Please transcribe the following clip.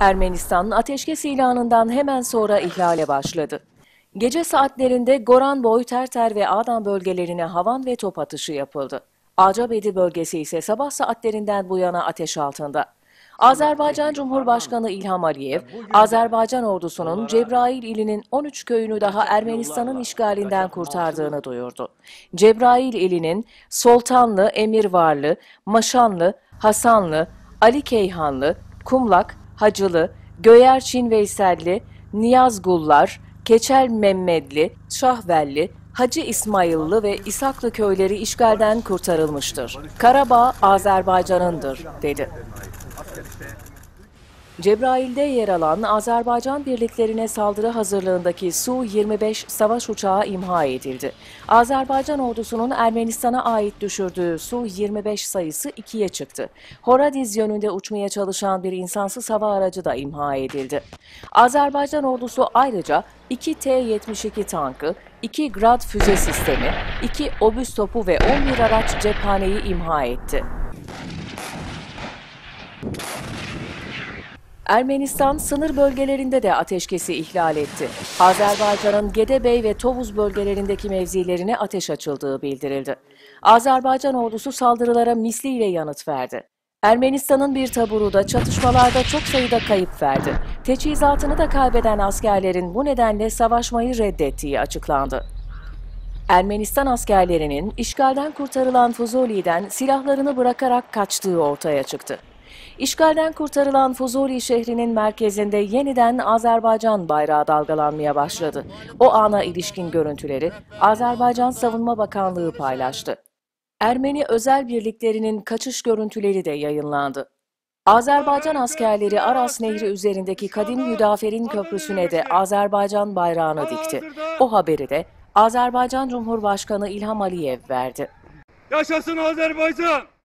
Ermenistan'ın ateşkes ilanından hemen sonra ihlale başladı. Gece saatlerinde Goranboy, Terter ve Adan bölgelerine havan ve top atışı yapıldı. Acabedi bölgesi ise sabah saatlerinden bu yana ateş altında. Azerbaycan Cumhurbaşkanı İlham Aliyev, Azerbaycan ordusunun Cebrail ilinin 13 köyünü daha Ermenistan'ın işgalinden kurtardığını duyurdu. Cebrail ilinin Soltanlı, Emirvarlı, Maşanlı, Hasanlı, Ali Keyhanlı, Kumlak, Hacılı, Göyerçin Veyselli, Niyaz Gullar, Keçel Memmedli, Şahvelli, Hacı İsmaillı ve İsaklı köyleri işgalden kurtarılmıştır. Karabağ Azerbaycan'ındır dedi. Cebrail'de yer alan Azerbaycan birliklerine saldırı hazırlığındaki Su-25 savaş uçağı imha edildi. Azerbaycan ordusunun Ermenistan'a ait düşürdüğü Su-25 sayısı ikiye çıktı. Horadiz yönünde uçmaya çalışan bir insansız hava aracı da imha edildi. Azerbaycan ordusu ayrıca 2 T-72 tankı, 2 Grad füze sistemi, 2 obüs topu ve 11 araç cephaneyi imha etti. Ermenistan sınır bölgelerinde de ateşkesi ihlal etti. Azerbaycan'ın Gedebey ve Tovuz bölgelerindeki mevzilerine ateş açıldığı bildirildi. Azerbaycan ordusu saldırılara misliyle yanıt verdi. Ermenistan'ın bir taburu da çatışmalarda çok sayıda kayıp verdi. Teçhizatını da kaybeden askerlerin bu nedenle savaşmayı reddettiği açıklandı. Ermenistan askerlerinin işgalden kurtarılan Fuzuli'den silahlarını bırakarak kaçtığı ortaya çıktı. İşgalden kurtarılan Fuzuli şehrinin merkezinde yeniden Azerbaycan bayrağı dalgalanmaya başladı. O ana ilişkin görüntüleri Azerbaycan Savunma Bakanlığı paylaştı. Ermeni özel birliklerinin kaçış görüntüleri de yayınlandı. Azerbaycan askerleri Aras Nehri üzerindeki Kadim Müdaferin Köprüsü'ne de Azerbaycan bayrağını dikti. O haberi de Azerbaycan Cumhurbaşkanı İlham Aliyev verdi. Yaşasın Azerbaycan!